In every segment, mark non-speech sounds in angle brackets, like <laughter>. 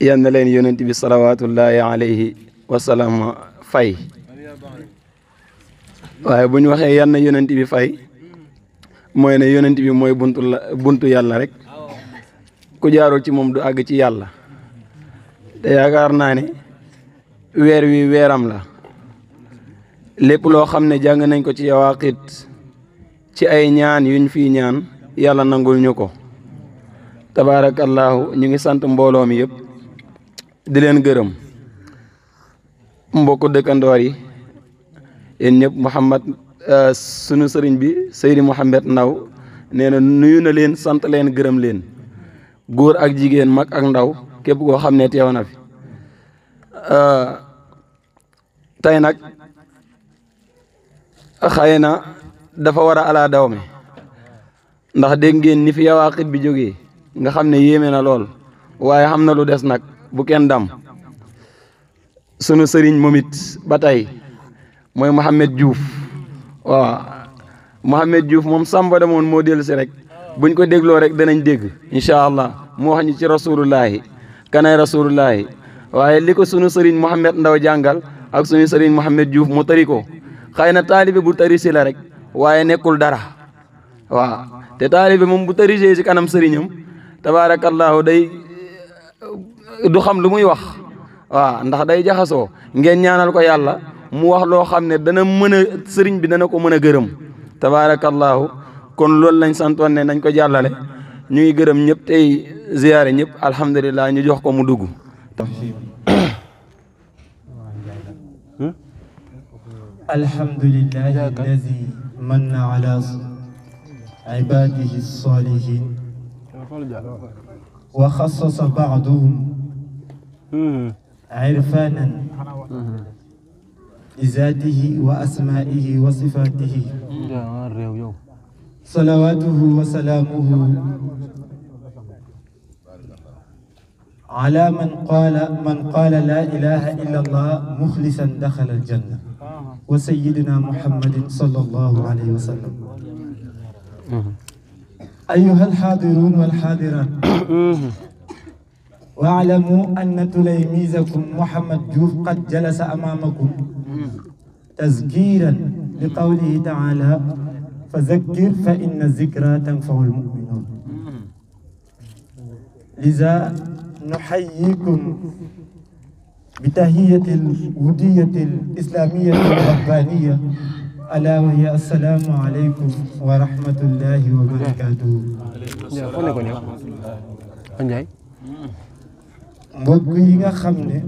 yan na leen yonent bi salawaatullahi wasalaam fay waaye bu ñu waxee yan na yonent bi fay mooy ne yonent bi mooy buntu la yàlla rek ku jaarul ci moom du àgg ci yàlla te yaakaar naa ne weer wi weeram la lépp loo xam ne jàng nañ ko ci yawaaqit ci ay ñaan yuñ fi ñaan yàlla nangul ñu ko tabaarakallaahu ñu ngi sant mbooloo mi yëpp di leen gërëm mbokk dëkkandoor yi yéen ñëpp euh, sunu sëriñ bi Seydi Mouhamed Ndaw nee na nuyu na leen sant leen gërëm leen góor ak jigéen mag ak ndaw képp koo xam ne teew na fi euh, tey nag xëy na dafa war a alaa mi ndax dégg ngeen ni fi yawaaqit bi jóge nga xam ne yéeme na lool waaye xam na lu des nag bu kenn dam sunu sëriñ moom it ba tey mooy Mouhamed Diouf waaw Mouhamed Diouf moom sàmba demoon moo dellu si rek buñ ko dégloo rek danañ dégg incha allah mu wax ñu ci rasulullahi kanay rasulullahi waaye li ko sunu sëriñ Mouhamed Ndaw jàngal ak sunu sëriñ Mouhamed Diouf mu tari ko xëy na taalibe bu tari si la rek waaye nekkul dara waaw te taalibe moom bu tari si kanam sëriñam tabaarakallaahu day du xam lu muy wax waa ndax day jaxasoo ngeen ñaanal ko yàlla mu wax loo xam ne dana mën a sëriñ bi dana ko mën a gërëm tabaarakallaahu kon loolu lañ santoon ne nañ ko jàllale ñu ngi gërëm ñëpp tey ziyaare ñëpp alhamdulilah ñu jox ko mu dugg alhamdulilahi alladi manna ala ibadihi salihin wa xassasa baadahum عرفانا بذاته وأسمائه وصفاته صلواته وسلامه على من قال من قال لا إله إلا الله مخلصا دخل الجنة وسيدنا محمد صلى الله عليه وسلم أيها الحاضرون والحاضرات واعلموا أن تلاميذكم محمد جوف قد جلس أمامكم تذكيرا لقوله تعالى فذكر فإن الذكرى تنفع المؤمنون لذا نحييكم بتهية الودية الإسلامية الربانية ألا وهي السلام عليكم ورحمة الله وبركاته. mbokk yi nga xam ne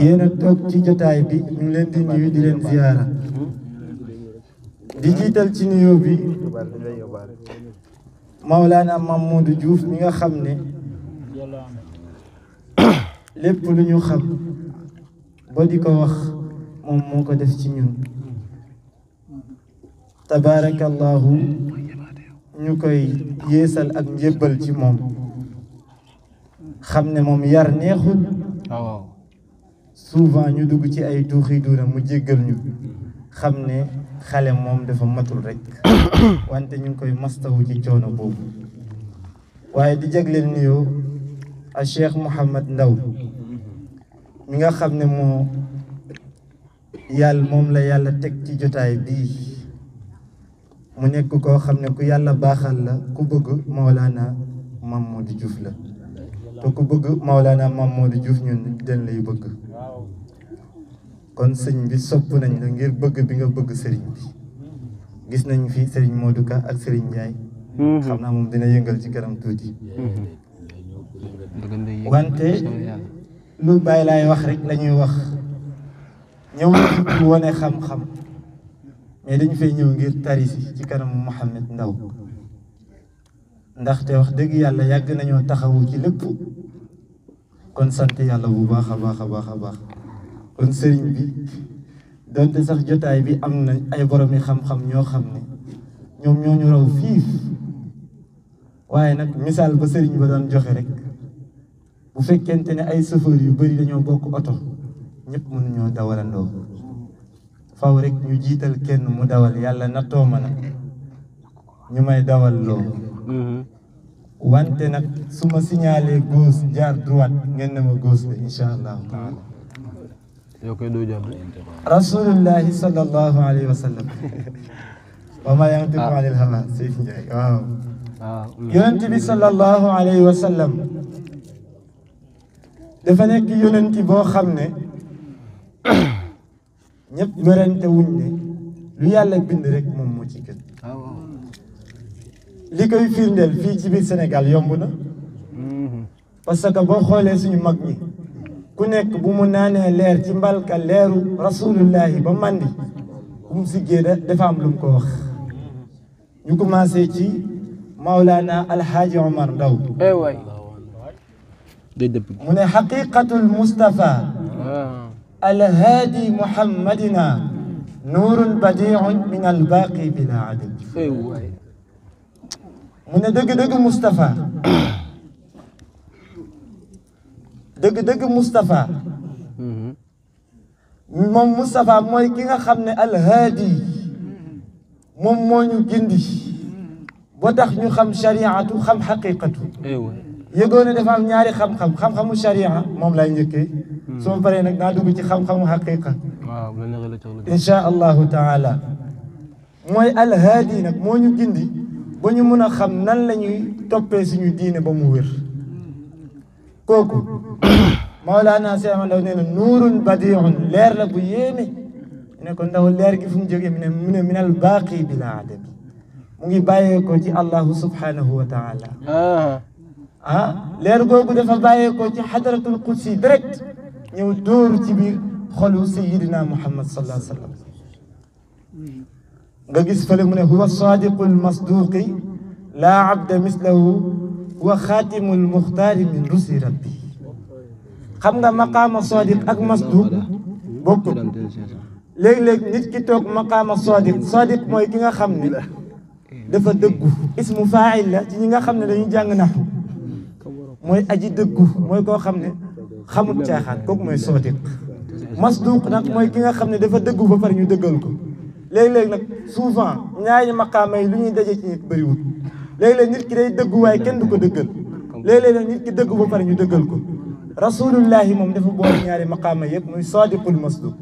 yéen a toog ci jotaay bi ñu leen di nuyu di leen ziyaara di jiital ci nuyoo bi Maulana Mamadou Diouf mi nga xam ne lépp lu ñu xam ba di ko wax moom moo ko def ci ñun tabarakallahu ñu koy yeesal ak njébbal ci moom xam ne moom yar neexul waaw souvent ñu dugg ci ay tuuxi duuna mu jéggal ñu xam ne xale moom dafa matul rekk <coughs> wante ñu ngi koy mastawu ci coono boobu waaye di jagleel nuyoo a Cheikh Mouhamad Ndaw mi nga xam ne moo yàlla moom la yàlla teg ci jotaay bii mu nekk koo xam ne ku yàlla baaxal la ku bëgg Mawlana di juuf la te ku bëgg Maolana Maam Modou Diouf ñun den lay bëgg kon sëñ bi sopp nañ la ngir bëgg bi nga bëgg sëriñ bi gis nañ fi sëriñ Modou Ka ak sëriñ Ndiaye mhm. xam naa moom dina yëngal ci kanam tuuti mhm. wante lu bàyyi laay wax rek la wax ñëw ñu xam-xam mais dañu fay ñëw ngir tarisi ci kanamu Mouhamed Ndaw ndaxte wax dëgg yàlla yàgg nañoo taxawu ci lépp kon sant yàlla bu baax a baax a baax a baax kon sëriñ bi donte sax jotaay bi am na ay boromi xam-xam ñoo xam ne ñoom ñoo ñu raw fiif waaye nag misaal ba sëriñ ba doon joxe rek bu fekkente ne ay chauffeur yu bari dañoo bokk oto ñëpp mënuñoo dawalandoo faw rek ñu jiital kenn mu dawal yàlla nattoo ma ñu may dawal loo mm-hmm. wante nag su ma signalé gauche jaar droite ngeen ne ma gauche la incha allahu taala. yow kay doo jaar. rasulullahi sallallahu alayhi wa sallam. <laughs> wa ma yantiqu ah. anil hawa Seif Ndiaye ah, bi sallallahu alayhi wa sallam. dafa nekk yonent boo xam ne. <coughs> ñëpp werante wuñ ne lu yàlla bind rek moom moo ci gën. Ah, ليكوي فيلم ديال في جيبي السنغال يومبنا باسكو بو خولي سوني ماغني كو نيك بو مو نانه لير تي مبالكا ليرو رسول الله با ماندي بوم سيجي دافا ام لوم كو واخ ني كوماسي تي مولانا الحاج عمر داو اي واي من حقيقة المصطفى الهادي محمدنا نور بديع من الباقي بلا عدل من دق دق مصطفى دق دق مصطفى مم مصطفى موي كيغا خامني الهادي مم مو نيو جندي با تخ نيو خام شريعه خام حقيقته ايوا يغونا دافا ام نياري خام خام خام خام الشريعه موم لاي نيكي سوم باري نك دا دوجي خام خام حقيقه واو لا نغلا ان شاء الله تعالى موي الهادي نك مو جندي ba ñu mun a xam nan la ñuy toppee suñu diine ba mu wér kooku Mawlaana Cheikh Ahmad Ndaw nee na nuurun badiun leer la bu yéeme ne ko ndaw leer gi fu mu jógee mu ne minal baaqi bila adam mu ngi bàyyeekoo ci allahu subhanahu wa taala ah leer googu dafa bàyyeekoo ci hadratul qudsi direct ñëw dóor ci biir xolu sayidina muhammad sallallahu alayhi wa غيس فلمن هو الصادق المصدوق لا عبد مثله هو خاتم المختار من رسل ربي خمغا مقام الصادق اك مصدوق بوك ليك ليك نيت كي توك مقام الصادق صادق موي كيغا خامني دافا دغ اسم فاعل لا تي نيغا خامني دا نجان نحو موي اجي دغ موي كو خامني خامو تياخات كوك موي صادق مصدوق نك موي كيغا خامني دافا دغ با فار ني دغال كو léeg-léeg nag souvent ñaari maqaama yi lu ñuy daje ci nit bëriwul léeg-léeg nit ki day dëggu waaye kenn du ko dëggal léeg-léeg nag nit ki dëgg ba pare ñu dëggal ko rasulullahi moom dafa boole ñaari maqaama yëpp muy sadiqul masduq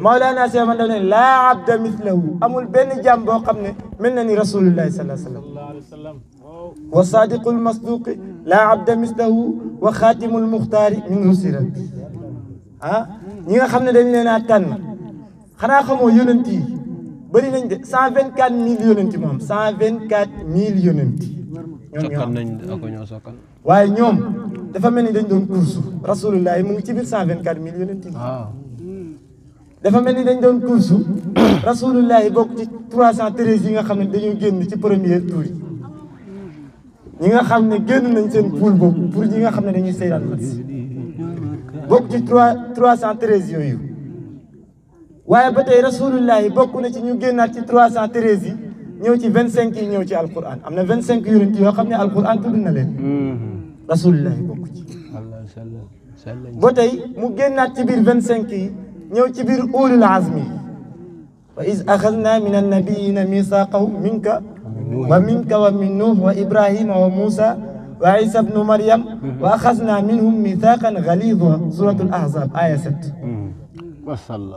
Mawlana Cheikh man daf ne laa abda mithlahu amul benn jàmm boo xam ne mel na ni rasulullahi salaa sallam wa sadiqul masduqi laa abda mithlahu wa xaatimul muxtaari min rusira ah ñi nga xam ne dañ leen a tànn xanaa xamoo yonent yi bëri nañ de cent vingt quatre mille yonent moom cent vingt quatre mille yonent ñoom ñoo sokkal waaye ñoom dafa mel ni dañ doon kursu rasulullah yi mu ngi ci biir cent vingt quatre mille yonent yi dafa mel ni dañ doon kursu rasulullah yi bokk ci cent treize yi nga xam ne dañoo génn ci premier tour ñi nga xam ne génn nañ seen pool boobu pour ñi nga xam ne dañuy seydaan match bokk ci trois trois cent treize yooyu waye ba tey rasulullah bokku na ci ñu génnaat ci 313 ñëw ci 25 ñëw ci alquran amna 25 yonent yoo xam alquran tudd na leen. rasulullah yi bokk ci. ba tey mu génnaat ci biir 25 ñëw ci biir ulul azmi wa iz axadna min annabiyina misaqahum minka wa minka wa min nuux wa ibrahima wa muusa wa isa bnu maryam wa axadna minhum mithaqan galida suratul ahzab aya 7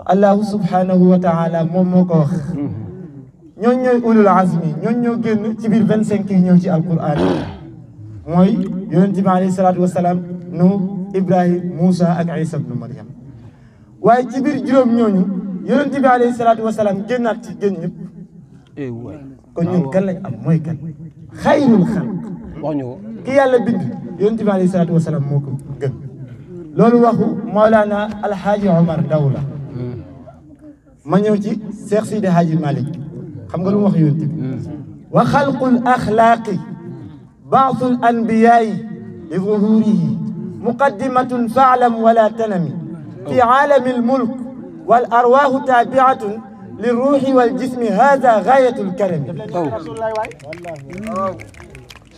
allahu subhanahu wa taala moom moo ko wax ñooñ ñooy ulul azmi ñooñ ñoo génn ci biir vingt cinq yi ñëw ci alquran mooy yonente bi alayhi salaatu wasalaam nu ibrahim moussa ak isa bnu mariam waaye ci biir juróom ñooñu yonente bi alayhi salaatu wasalaam génnaat ci génn ñëpp kon ñun kan lañ am mooy kan xayrul xalq ki yàlla bind yonente bi alayhi salaatu wasalaam moo ko gën لولو واخو مولانا الحاج عمر دوله ما نيو سي شيخ سيدي حاج مالك خم نغ لو وخلق الاخلاق بعض الانبياء لظهوره مقدمه فاعلم ولا تنمي في عالم الملك والارواح تابعه للروح والجسم هذا غايه الكرم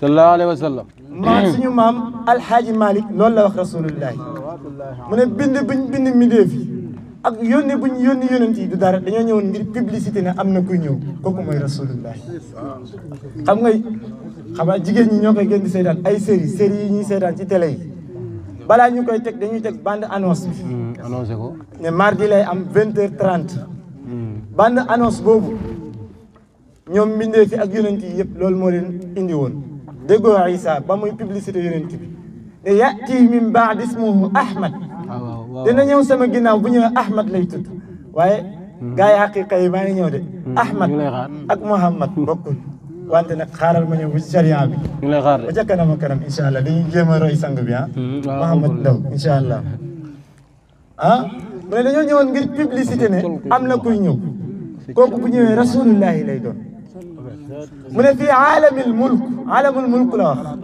صلى الله عليه وسلم maam suñu maam alxaaji malik loolu la wax rasulullahi mu ne bind buñ bind mbindéef yi ak yónni buñ yónni yónent yi du dara dañoo ñëwoon ngir publicité na am na kuy ñëw kooku mooy rasulullahi xam nga xamaa jigéen ñi ñoo koy gën di seetaan ay série série yi ñuy seetaan ci tele yi balaa ñu koy teg dañuy teg bande annonce bi hmm, ko ne mardi lay am vingt heures trente hmm. bande annonce boobu ñoom mbindéef yi ak yónent yi yëpp loolu moo leen indi woon déggoo Isa ba muy publicité yonent bi te yati min baad ismuhu ahmad ah, dina ñëw sama ginnaaw bu ñëwee ahmad lay tudd waaye hmm. gaa yi xaqiqa yi maa ngi ñëw de hmm, ahmad ak muhammad bokkul wante nag xaaral ma ñëw bu sharia bi bu ca kanam a kanam incha allah dañuy jéem a roy bi ah hmm, muhammad ndaw incha allah ah mu ne dañoo ñëwoon ngir publicité ne am na kuy ñëw kooku bu ñëwee rasulullahi lay doon من في عالم الملك عالم الملك الاخر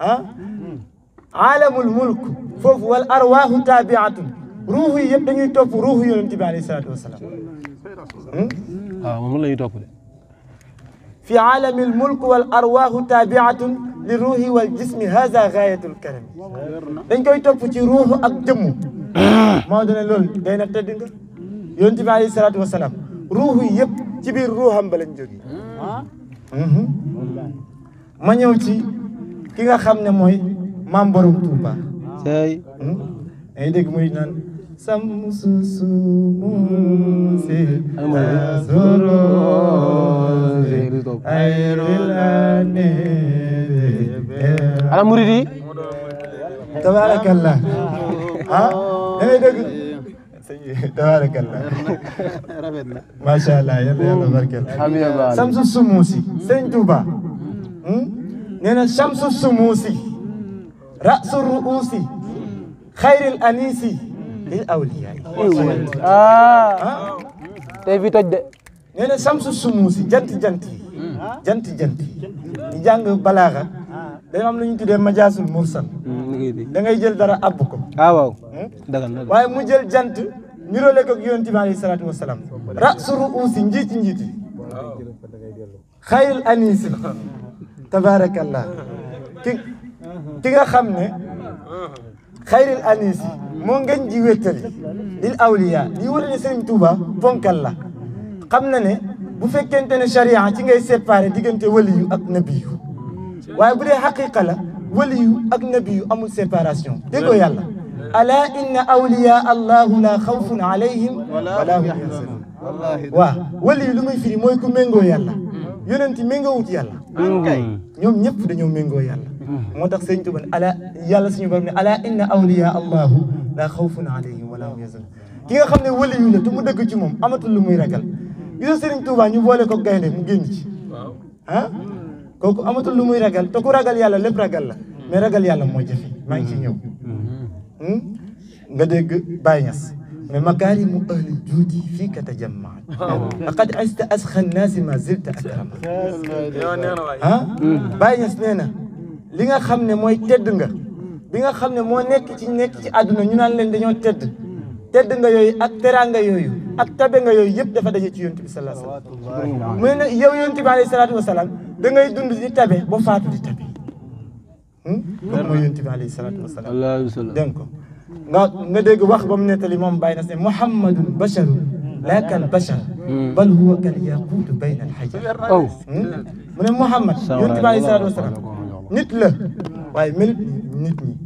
ها عالم الملك فوف والارواح تابعه روح يب داني توف روح يونتي عليه الصلاه والسلام ها آه، مام لا في عالم الملك والارواح تابعه للروح والجسم هذا غايه الكرم داني توف في روح اك جم <coughs> ما دون لول داينا تدين يونتي عليه الصلاه والسلام ruux yi yëpp ci biir ruuxam ba lañ ci ki nga xam ne mooy maam borom Tuuba say hmm? ay dégg muy naan samsu sumu si asoro ayrul ane ala murid yi tabarakallah ah da ngay dégg sëñ bi tabaarakalla <laughs> macha allah yàlla yàlla barkeel samsu sumuusi sëñ Tuuba hmm? nee ruusi xayril anisi lil awliya ah. ah tey fi toj de nee na samsu sumuusi jant jant yi hmm. jant dañoo am lu ñu tuddee majaasul mursal mm, da ngay jël dara abbu ko ah waaw eh? waaye mu jël jant niroole ko yonent bi alayhi salaatu wasalaam rasu ruusi njiiti njiiti xayrul anisil tabaarakallah ki ki nga xam ne xayrul anis moo ngeen ji wéttali lil awliya lii wala ne Sëriñ Tuuba ponkal la xam na ne bu fekkente ne charia ci ngay séparé diggante waliyu ak nabiyu waaye bu dee xaqiqa la waliyu ak nabiyu amul séparation déggoo yàlla ala inna awliya allahu la xawfun alayhim wala hum yaxzanun waaw waliyu lu muy firi mooy ku méngoo yàlla yonent méngoowut yàlla ñoom ñëpp dañoo méngoo yàlla moo tax sëñ Tuba ala yàlla suñu borom ne ala inna awliya allahu la xawfun alayhim wala hum yaxzanun ki nga xam ne waliyu la te mu dëgg ci moom amatul lu muy ragal gisoo sëriñ Tuba ñu boole ko gaynde mu génn ci ah koku amatul lu muy ragal te ku ragal yàlla lépp ragal la mais ragal yàlla mo jafe ma ngi ci ñëw hmm nga deg Baye Niass mais makaarimu ahli juudi fi ka jamma laqad ast askha an-nas ma zilt akrama ha Baye Niass neena li nga xamne moy tedd nga bi nga xamne mo nekk ci nekk ci aduna ñu nan leen dañu tedd tedd nga yooyu ak teraanga yooyu ak tabe nga yooyu yëpp dafa daje ci yonent bi sallallahu alayhi wa sallam mu ne yow yonent bi alayhi salaatu wa salaam da ngay dund di tabe ba faatu di tabe loolu mooy yonent bi alayhi salaatu wa salaam dégg ko nga nga dégg wax ba mu nettali moom bàyyi na ne muhammadun basharun laa kal bashar bal huwa kal yaquutu bayna al hajar mu ne muhammad yonent bi alayhi salaatu wa salaam nit la waaye melut nit ñi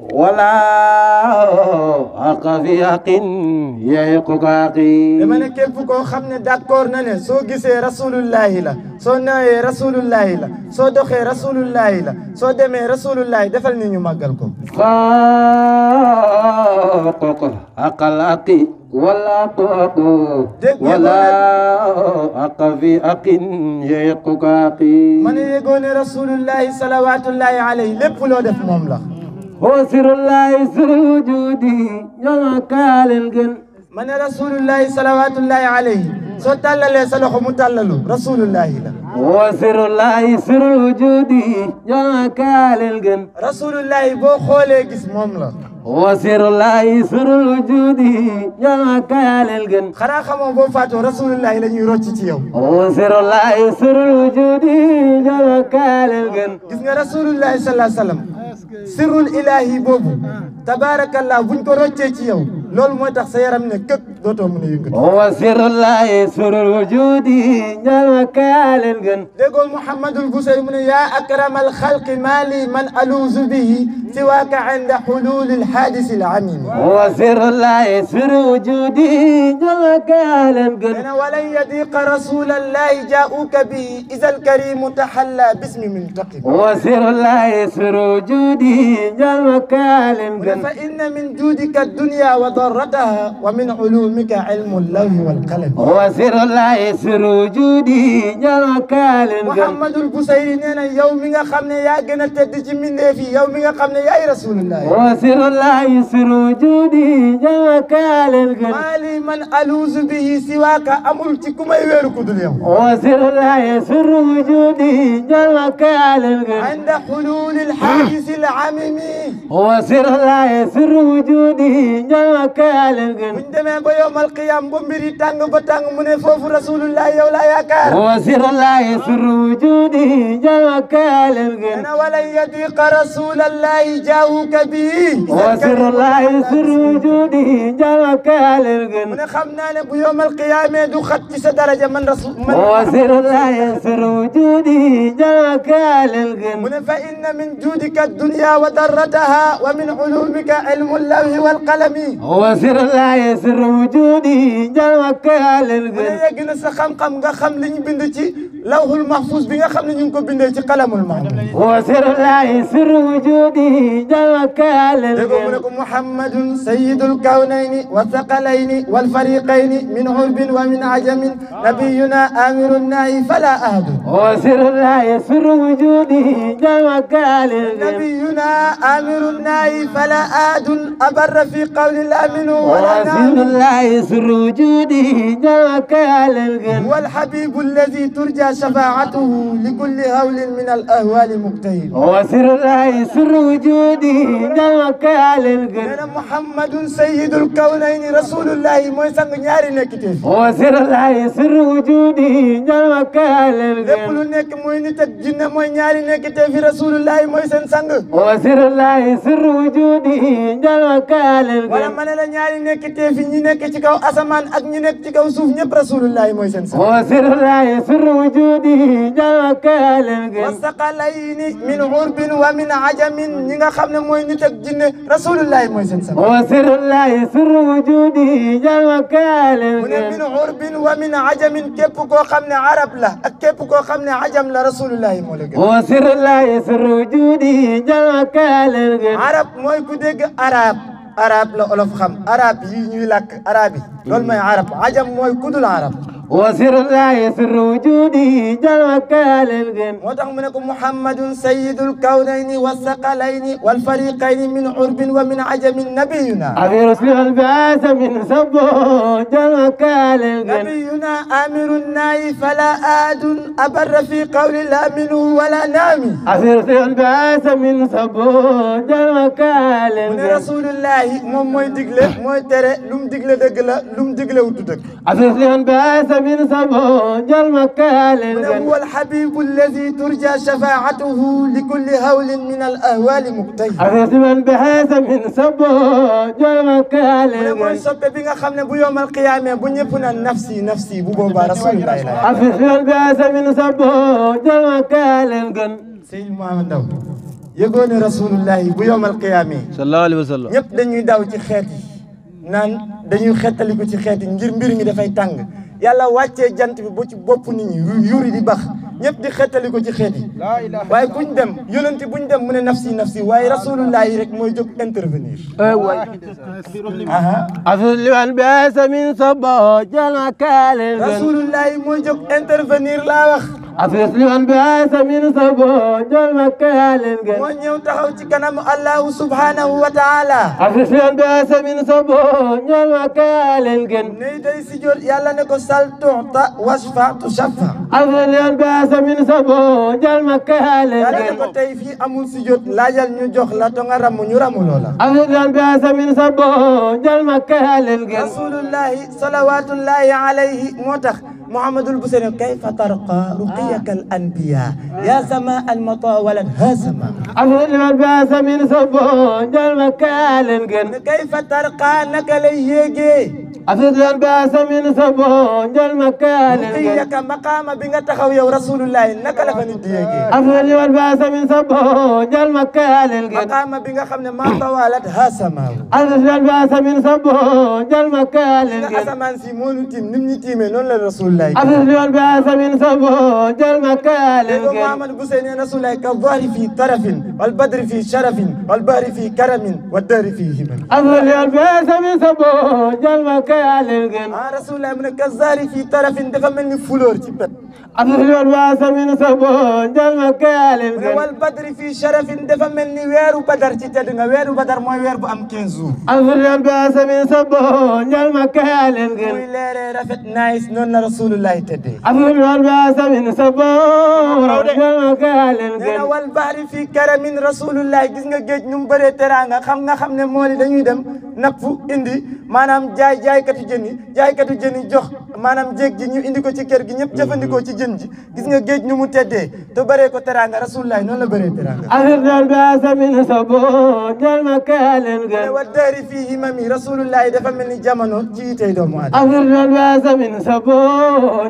ولا اقفي اقن يا قاقي اما نكيف كو خامن داكور ناني سو غيسه رسول الله لا سو ناي رسول الله لا سو دوخي رسول الله لا سو ديمي رسول الله دفال ني نيو فاقق اقل ولا طاق ولا اقفي اقن يا قاقي من يغون رسول الله صلوات الله عليه لب لو ديف هو الله سر الوجود يوم قال من رسول الله صلوات الله عليه سوتال الله سلخ متالله رسول الله هو سر الله سر الوجود يوم قال رسول الله بو خولي جسم مملك وسير الله يسر الوجود يا كال الجن خرا خمو بو فاتو رسول الله لا ني روتي تي الله يسر الوجود يا كال الجن رسول الله صلى الله عليه وسلم sirrul ilaahi boobu tabaarakallaa buñ ko roccee ci yow loolu mooy tax sa yaram ne këk dootoo mën a yëngatu wa sirrullaahi surul wujudi ñal ma kaaleen gën déggool mouhamadul busayri mu ne yaa akramal xalqi maali man aluuzu bihi siwaaka inda xuluuli lhaadisi lamim wa sirrullaahi surul wujudi ñal ma kaaleen gën ene walan yadiqa rasulallaahi jaauka bihi isa alkarimu taxalla bismi muntaqim wa sirrullaahi surul wujudi جودي جل كالم فإن من جودك الدنيا وضرتها ومن علومك علم اللوح والقلم وسر الله سر جودي جل كالم محمد البصيري نينا يومي خمنا يا جنة تجمين في يومي خمنا يا رسول الله وسر الله سر جودي جل كالم مالي من ألوز به سواك أمرتكم يويرك اليوم وسر الله سر وجودي جل كالم عند حلول الحادث ليس العميمي وسر لا يسر وجودي جاك لغن بندم بيوم القيام بمبري تانغ بتانغ من فوف رسول الله يولا يكار وسر الله يسر وجودي جمع لغن أنا ولا يضيق رسول الله جاو بي وسر الله يسر وجودي جمع لغن من خمنا بيوم القيامة دو خدت درجة من رسول من وسر الله يسر وجودي جمع لغن من فإن من جودك الدنيا وضرتها ومن علومك علم اللوح والقلم وسر الله يسر وجودي جلوك يا للغن يقن سخم قم خم لن بندتي لوح المحفوظ بيغا خم لن ينكو بندتي قلم المعنى وسر الله يسر وجودي جلوك يا للغن محمد سيد الكونين والثقلين والفريقين من عرب ومن عجم نبينا آمر النهي فلا أهدو وسر الله يسر وجودي جلوك يا للغن نبينا آمن الناي فلا آد أبر في قول الأمن ولا الله سر وجودي جواك يا والحبيب الذي ترجى شفاعته لكل هول من الأهوال مقتهل وسر الله سر وجودي جواك يا أنا محمد سيد الكونين رسول الله موسى نياري نكتف وسر الله سر وجودي جواك يا للغن لبلو نك موينتك جنة موي نياري نكتف رسول الله موسى سنسنغ وسر الله سر وجودي njal wakal wala ma ne la ñaari nekk ci kaw asamaan ak ñi nekk ci kaw suuf ñëpp rasulullahi mooy seen sax وسر الله سر وجودي njal wakal wasaqalayni min urbin wa min ajamin ñi nga xam ne mooy nit ak jinne rasulullahi mooy seen sax وسر الله سر وجودي njal wakal min urbin wa min ajamin képp koo xam ne arab la ak képp koo xam ne ajam la rasulullahi moo la عرب موي لا اولوف خام عرب يي ني عربي لول ماي عرب عجم موي كودول عرب وسر الله يسر وجودي جلوك للغن ودعم منكم محمد سيد الكونين والثقلين والفريقين من عرب ومن عجم نبينا أمير سلوح البعاث من سبه جلوك للغن نبينا أمير الناي فلا آد أبر في قول لا منه ولا نامي أمير سلوح البعاث من سبه جلوك للغن رسول الله موم موي دقلة موي ترى لوم دقلة دقلة لوم دقلة ودودك أمير سلوح البعاث من سبون المكال هو الحبيب الذي ترجى شفاعته لكل هول من الأهوال مقتي أغسما بحيث من سبون مكال من سب بيغا خمنا بو يوم القيامة بو نيبنا نفسي نفسي بو بوبا رسول الله أغسما بحيث من سبون مكال سيد محمد داو yëgoon ne rasulullahi bu yomal qiyaamee. sallallahu alayhi wa sallam. ñëpp dañuy daw ci xeet yi naan dañuy xettaliku ci yàlla wàccee jant bi ba ci bopp nit ñi yuri di bax ñëpp di xettali ko ci xeet yi waaye kuñ dem yonenti buñ dem mu ne nafsi nafsi waaye rasulullah yi rek mooy jóg intervenir asliman besa min sabo jana kaale rasulullah yi mooy jóg intervenir laa wax afisli wan bi ay saminu sabo njol makka yaa leen gën moo ñëw taxaw ci kanamu allahu subhanahu wa taala afisli wan bi ay saminu sabo njol makka yaa leen gën nuy day si jot yàlla ne ko sal tuta wasfa tu shafa bi ay saminu sabo njol makka yaa leen gën yàlla ne ko tey fii amul si jot laajal ñu jox la to ramu ñu ramu loola afisli wan moo tax muhammadul busene kayfa أحيك الأنبياء يا سماء مطاولا هزما أفضل الباس من صبون المكان كيف ترقى لك ليجي أفضل الباس من صبون المكان إياك مقام بين تخو يا رسول الله إنك لفن ديجي أفضل الباس من صبون المكان مقام بين خمن ما طوالت هسما أفضل الباس من صبون المكان أسمان سيمون تيم نمني تيم نون لرسول الله أفضل الباس من صبون بعد المكالم إيه محمد حسين يا نسول كالظهر في طرف والبدر في شرف والبهر في كرم والدهر في همم أظل البيت من سبوج المكالم يا آه رسول الله من كالظهر في طرف دفمني فلور تبت أظل البيت من سبوج المكالم والبدر في شرف دفمني وير بدر تتدنى وير بدر ما وير بأم كنزو أظل البيت من سبوج المكالم ويلير رفت نايس نون رسول الله تدي أظل البيت من nee na wal baari fii karamin rasulullah gis nga géej ñu mu bëree teraanga xam nga xam ne mool yi dañuy dem napp indi maanaam jaay jaaykatu jën yi jaaykatu jën yi jox maanaam jéeg ji ñu indi ko ci kër gi ñëpp mm-hmm. jëfandikoo ci jën ji gis nga géej ñu mu teddee te bëree ko teranga rasulullah noonu la bëree teraanga afirdal basamin sabo dal makalen gën wa daari fii himami rasulullah dafa mel ni jamono ci itey doomu aadama afirdal basamin sabo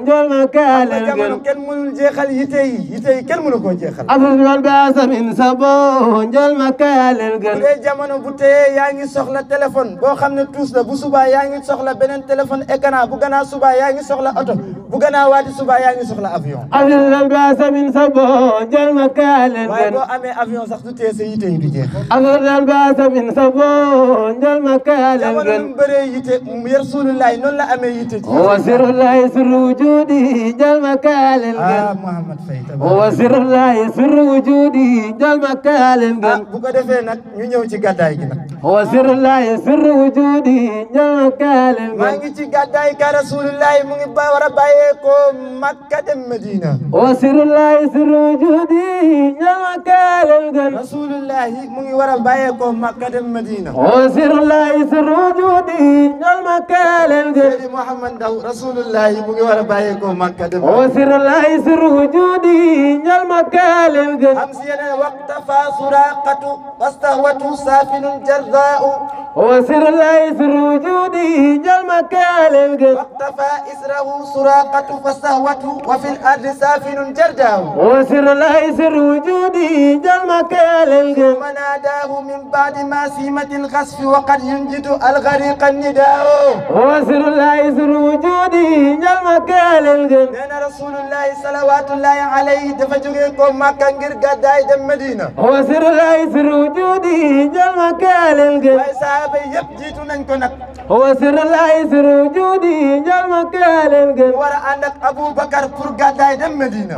dal makalen gën mënul jeexal yite yi yite yi kenn mënu koo jeexal. affaire baasamin sa boo njël ma kaay leen gën. bu dee jamono bu teye yaa ngi soxla téléphone boo xam ne tuus la bu subaa yaa ngi soxla beneen téléphone écran bu gannaaw subaa yaa ngi soxla oto bu gannaaw waati subaa yaa ngi soxla avion. affaire baasamin sa boo njël ma kaay leen gën. waaye boo amee avion sax du teye sa yite yi du jeexal. affaire baasamin sa boo njël ma kaay leen gën. jamono mu bëree yite mu yar suulu laay noonu la amee yite. wasirulaay suru juudi njël ma kaay leen ah Mouhamad Faye wa sirru laahi sirru wujudi jol makka yaa leen gën. Ah, bu ko defee nag ñu ñëw ci gàddaay gi nag. wa sirru laahi sirru wujudi ngi ci gàddaay ka rasulillahi mu ngi ba war a ma ko makka dem Medina. wa sirru laahi sirru wujudi mu ngi war a bàyyee ko makka dem Medina. wa sirru laahi sirru wujudi a سر وجودي المكان نعم القد أمسينا وقت سراقة واستهوته سافل جراء وسر لا يسر وجودي المكان نعم القد وقت فاسره سراقة فاستهوته وفي الأرض سافل جرداء وسر لا يسر وجودي المكان نعم القد ثم مناداه من بعد ما سيمت الغصف وقد ينجد الغريق النداء وسر لا يسر وجودي المكان القد نانا رسول الله صلى salawaatullahi alayhi dafa jógee ko Makka ngir gàddaay dem Medina. wa sirulahi sir wujudi jama kaalel ge. waaye saaba ko nag. wa a ànd ak Aboubacar dem Medina.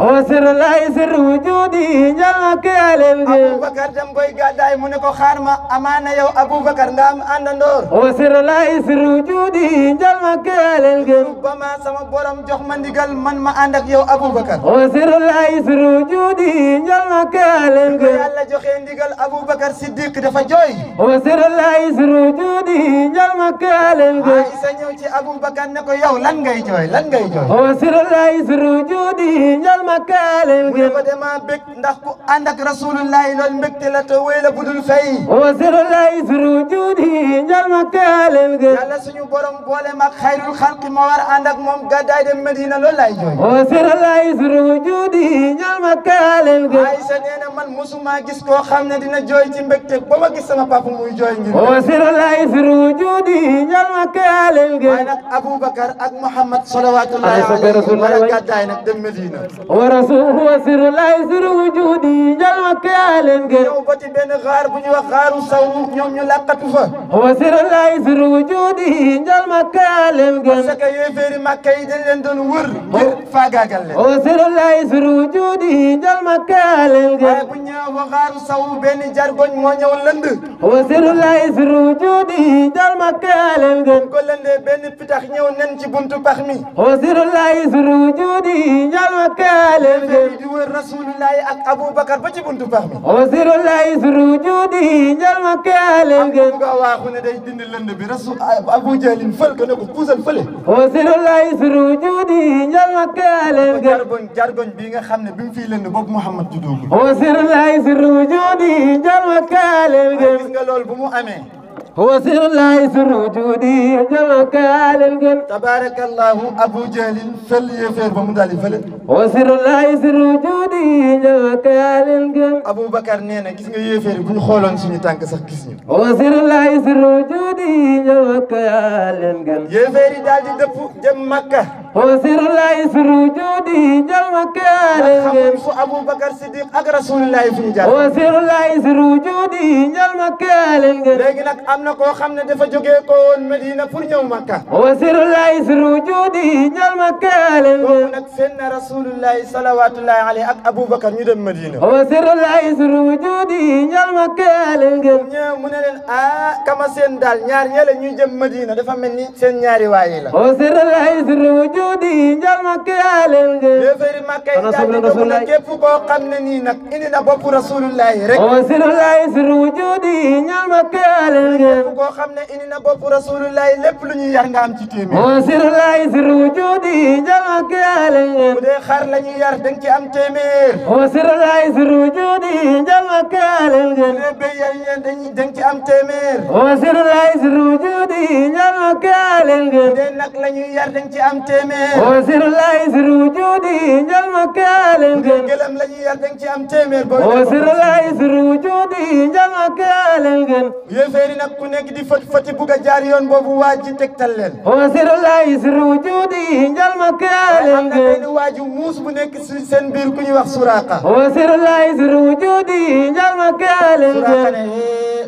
wa mu ne ko xaar ma amaana yow Aboubacar nga am àndandoor. wa sirulahi sir wujudi jama kaalel ge. ba ma sama borom jox ma ndigal man ma ànd ak yow Aboubacar. Bakar wasirul aysir wujudi ñal ma kaalen ko yàlla joxe ndigal Abu Bakar Siddiq dafa jooy wasirul aysir wujudi ñal ma kaalen ko Aïssa ñëw ci Abu Bakar ne ko yow lan ngay jooy lan ngay jooy wasirul aysir wujudi ñal ma kaalen ko ko dama bég ndax ku ànd ak Rasulullahi lool mbégte la te wéy la budul fay wasirul aysir wujudi ñal ma kaalen ko yàlla suñu borom boole mag xayrul xalqi ma war ànd ak moom gàddaay dem Medina lool lay jooy misru wujudi ñal ma kaalel ga Aïcha nee na man musuma gis koo xam ne dina jooy ci mbégte ba ma gis sama papa muy jooy ngir wa sirru lay sirru wujudi ñal ma kaalel ga waaye nag Aboubacar ak Mouhamad salawatullahi alayhi war a gàddaay nag dem Medina wa rasul wa sirru lay sirru wujudi ñal ma kaalel ga ñëw ba ci benn xaar bu ñu wax xaaru saw ñoom ñu làqatu fa wa sirru lay sirru wujudi ñal ma kaalel ga parce que yéen féeri Makka yi dañ leen doon wër ngir faagaagal leen سر الله سر وجوده جل مكال الجل بنيا وغار سو بين جربن ما يولند هو سر الله سر وجوده جل مكال الجل كلند بين فتح نيو نن سي بونتو باخمي هو سر الله سر وجوده جل مكال الجل دي رسول الله اك ابو بكر با سي بونتو باخمي هو سر الله سر وجوده جل مكال الجل كو واخو نه داي دين لند بي رسول ابو جهل فل كنكو فوزل فل هو سر الله سر وجوده جل مكال الجل jargoñ jargoñ bii nga xam ne bi mu fii lënd boobu Mouhamad juddoogu wa sir laay sir wujudi jal wakaalel gën gis nga loolu bu mu amee wa sir laay sir wujudi jal wakaalel gën tabarakallahu abou jahlin fël yéeféer ba mu daali fële wa sir laay sir wujudi jal wakaalel gën aboubacar nee na gis nga yéeféer yi xooloon suñu tànk sax gis ñu Makka wasirulahi suru judi jalma kaare ngeen fu Aboubacar Siddiq ak rasulilahi fi ñu jaar wasirulahi suru judi jalma kaare ngeen léegi nag am na koo xam ne dafa jógee ko woon Medina pour ñëw Makka wasirulahi suru judi jalma kaare ngeen boobu nag seen na rasulilahi salawatullahi alayhi ak Aboubacar ñu dem Medina wasirulahi suru judi jalma kaare ngeen ñëw mu ne leen ah kama seen daal ñaar ñële ñu jëm Medina dafa mel ni seen ñaari waaye la juudi njal makke yaa leen gën yéefari makke yi daal di doon képp koo xam ne nii nag indi na bopp rasulullahi rek o rasulullahi sir wujuudi njal makke yaa leen gën koo xam ne indi na bopp rasulullahi lépp lu ñuy yar nga am ci o rasulullahi sir wujuudi njal makke yaa la ñuy da ci am téeméer o rasulullahi sir wujuudi njal makke da nga ci am la ñuy da ci am téeméer o siru lay siru juudi njal ma kaalen la ñuy yar dañ ci am téeméer booy o siru lay siru ku nekk di fot foti bugg jaar yoon boobu waa ji tegtal leen o siru lay siru juudi njal muus bu nekk si seen biir ku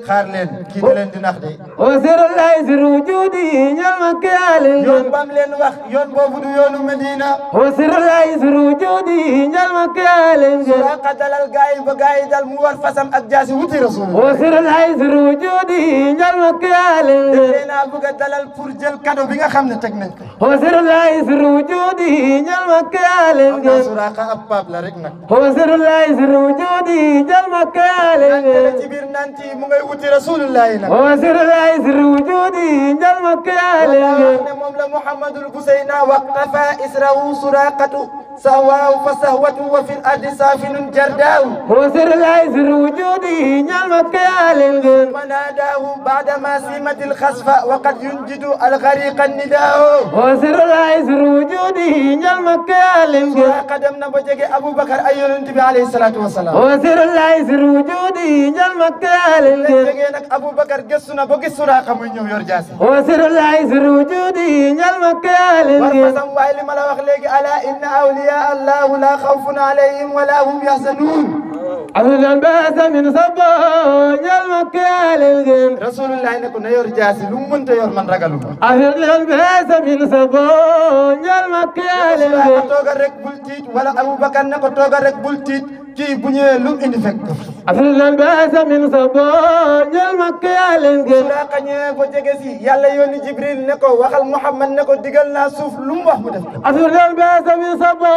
xaar leen kii di leen di nax de. wasirul lay sir wujudi ñal ma kiyaalil. yoon bam leen wax yoon boobu du yoonu Medina. wasirul lay sir wujudi ñal ma kiyaalil. su raqatalal gaa yi ba gaa yi dal mu war fasam ak jaasi wuti rasul. wasirul lay sir wujudi ñal ma kiyaalil. daf leen a bëgg a dalal pour jël cadeau bi nga xam ne teg nañ ko. wasirul lay sir wujudi ñal ma kiyaalil. xam naa su raqa ab paab la rek nag. wasirul lay sir wujudi ñal ma kiyaalil. naan ci biir naan ci mu ngay محمد رسول الله هنا وسر الله سر وجودي جلمك يا لله محمد الحسين وقف إسره سراقته سهواه فسهوته وفي الأرض سافن جرداو وسر الله سر وجودي جلمك يا مناداه وناداه بعدما سمت الخسفة وقد ينجد الغريق النداء وسر الله وجودي جل يا لله قدمنا بجك أبو بكر أيون النبي عليه الصلاة والسلام وسر الله وجودي جل يا لله ngeen ak Aboubacar gëstu na ba gëstu naa xamuñ ñëw yor jaasi wasiru laay suru wujudi ñal ma kaali war ma sam waay li ma la wax léegi ala inna awliya allahu la xawfun alayhim wala hum yahzanun abdoulaye Mbaye Samine Sabo ñal ma kaalel ngeen. rasulullah ne ko na yor jaasi lu mu mënta man ragalu ko. abdoulaye Mbaye Samine Sabo ñal ma kaalel ngeen. ko toogal rek bul tiit wala Aboubacar ne ko toogal rek bul tiit kii bu ñëwee lu indi fekk. abdoulaye Mbaye Samine Sabo ñal ma kaalel ngeen. Suraaqa ñëwee ko jege si yàlla yónni Jibril ne ko waxal Muhammad ne ko digal naa suuf lu mu wax mu def. abdoulaye Mbaye Samine Sabo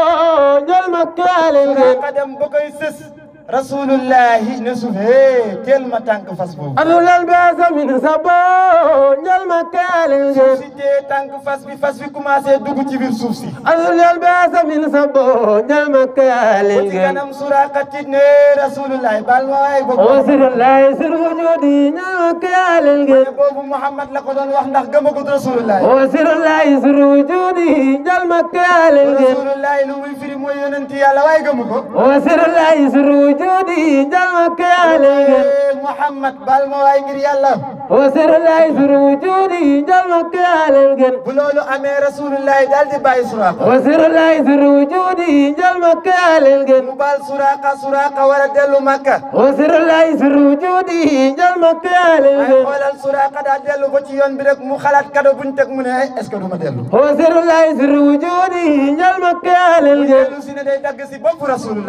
ñal ma kaalel ngeen. Suraaqa rasulullahi ne suuf hee teel ma tànk fas boobu. abdoulaye Basse mi ne sa bopp njël ma teel. suuf si tee tànk fas bi fas bi commencé dugg ci biir suuf si. abdoulaye Basse mi ne sa bopp njël ma teel. bu ci kanam Suraaqa tiit ne rasulullahi baal ma waay bopp. rasulullahi sunu wujudi njël ma teel. mu ne boobu Mouhamad la ko doon wax ndax gëmagut rasulullahi. rasulullahi sunu wujudi njël ma teel. rasulullahi lu muy firi mooy yonent yàlla waaye gëmu ko. rasulullahi sunu جودي جمك يا ليل محمد بالموايقر يلا وسر الله يسر وجودي جمك يا ليل بلولو أمي رسول الله دلد باي سراقة وسر الله يسر وجودي جمك يا ليل مبال سراقة سراقة وردل مكة وسر الله يسر وجودي جمك يا ليل أقول السراقة دلد بتيون برك مخالات كدو بنتك من اسكدو مدلو وسر الله يسر وجودي جمك يا ليل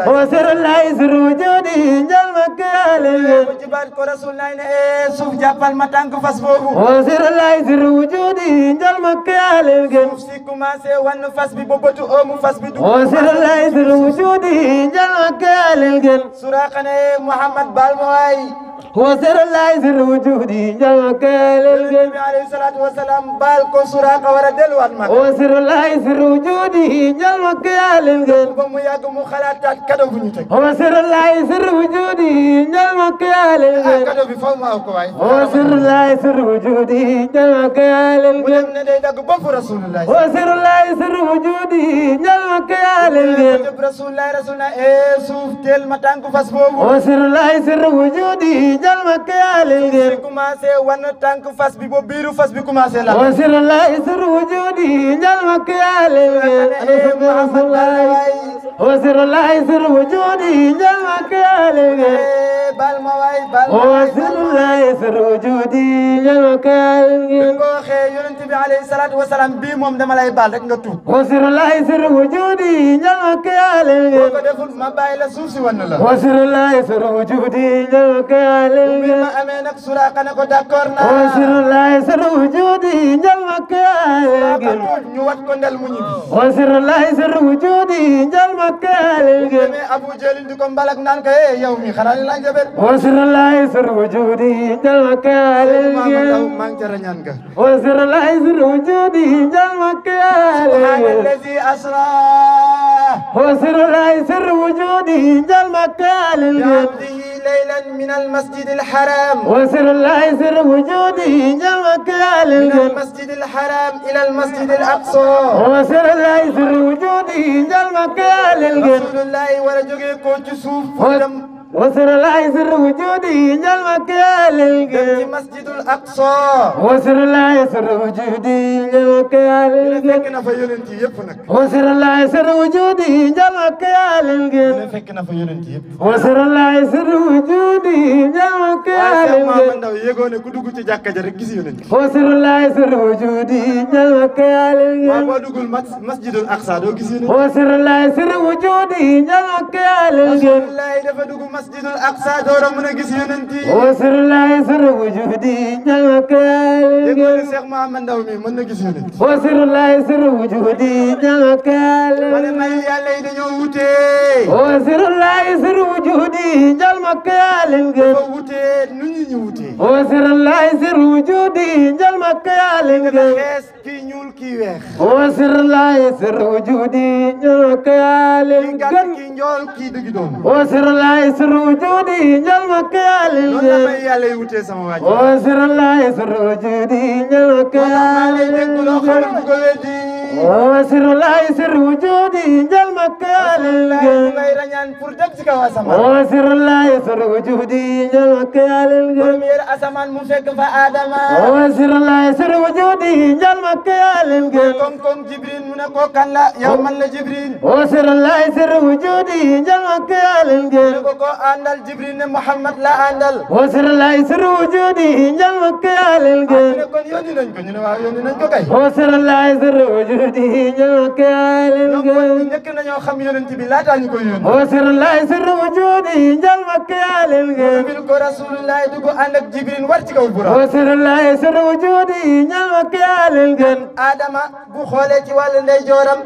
وسر الله يسر وجودي joodi njal ma kaale bu jubaat ko rasulullahi ne ee suuf jàppal ma tànk fas boobu wasirullahi siru wujuudi njal ma kaale gen suuf si commencé wan fas bi bobotu oomu fas bi dugg wasirullahi siru wujuudi njal ma kaale gen suraqa ne Muhammad baal ma waay هو سر الله سر وجودي جاك للجميع عليه الصلاة والسلام بالكو سراق ورد الوانما هو سر الله سر وجودي جاك للجميع بمو ياك مو خلاتات كدو بنيتك هو سر الله سر وجودي جاك للجميع كدو بفهم أو كواي هو سر الله سر وجودي جاك للجميع ولم نديدك بف رسول الله هو سر الله سر وجودي جاك للجميع رسول الله رسول الله إيه سوف تل متانكو فاسبوبو هو سر الله سر وجودي dal ma kayaalil ngeen commencé wan tànk fas bi ba biiru fas bi commencé la wa sir la isr wujudi dal ma kayaalil ngeen wa sir la isr wujudi dal ma kayaalil ngeen eh, bal ma waay bal ma wa sir la isr wujudi dal ma kayaalil ngeen ko waxee yonent bi alayhi salaatu wa salaam bii moom dama lay baal rek nga tuub wa sir la isr wujudi dal ma kayaalil ngeen ko deful ma bàyyi la suuf si wan la wa sir la isr wujudi dal ma kayaalil ubbil ma amee siru wujudi njal makkaale gi ñu wat ko ndel mu siru wujudi njal makkaale gi abu jalil di ko mbalak naan ko eh jabet wa sirullah siru wujudi njal makkaale gi ma ngi jara ñaan ga wa oh, sirullah siru wujudi njal makkaale subhanallazi asra wa oh, sirullah siru wujudi njal makkaale gi ليلا من المسجد الحرام وسر الله سر وجودي جمك من المسجد الحرام إلى المسجد الأقصى وسر الله سر وجودي جمك يا للقلب رسول الله ورجوك كوتشوف وسر العيسر وجودي جل مكيال القلب مسجد الأقصى وسر العيسر وجودي جل مكيال القلب وسر العيسر وجودي جل مكيال القلب وسر العيسر وجودي جل مكيال القلب وسر العيسر وجودي جل مكيال القلب مسجد الأقصى وسر العيسر وجودي جل مكيال القلب masjidul aqsa doora mën a gis yonent yi wasirulahi sirru juhdi ñalwakal déggoo ni Cheikh Mouhamed Ndaw mi mën na gis yonent wasirulahi sirru juhdi ñalwakal mane may yàlla yi dañoo wute wasirulahi sirru juhdi ñalmakal ngeen wute nu ñu ñu wute wasirulahi sirru juhdi ñalmakal ngeen xees kii ñuul kii weex wasirulahi sirru juhdi ñalwakal ngeen kii njool kii dëgg doom wasirulahi sirru ruujudi ñal ma ko yàlla leen. loolu la may yàlla yi wutee sama waa ji. woo siralaay sa ruujudi ñal ma ko yàlla leen. loolu la may yàlla yi wutee sama waa ji. وسر الله سر وجودي جل مكال الله وسر الله سر وجودي جل مكال الله أسمان مفك فآدم وسر الله سر وجودي جل مكال الله كم كم جبريل منكو كان لا يوم لا جبريل وسر الله سر وجودي جل مكال الله كو أندل جبريل محمد لا أندل وسر الله سر وجودي جل مكال الله وسر الله سر وجودي abdihi ñëkkaale. ñoom mooy ñëkk nañoo xam yonent bi laataa ñu koy yónni. wa sirru wujuudi njal makkaale. bil ko rasulullahi ci kaw bura. wa sirru laay sirru wujuudi njal makkaale. Adama bu xoolee ci wàllu ndeyjooram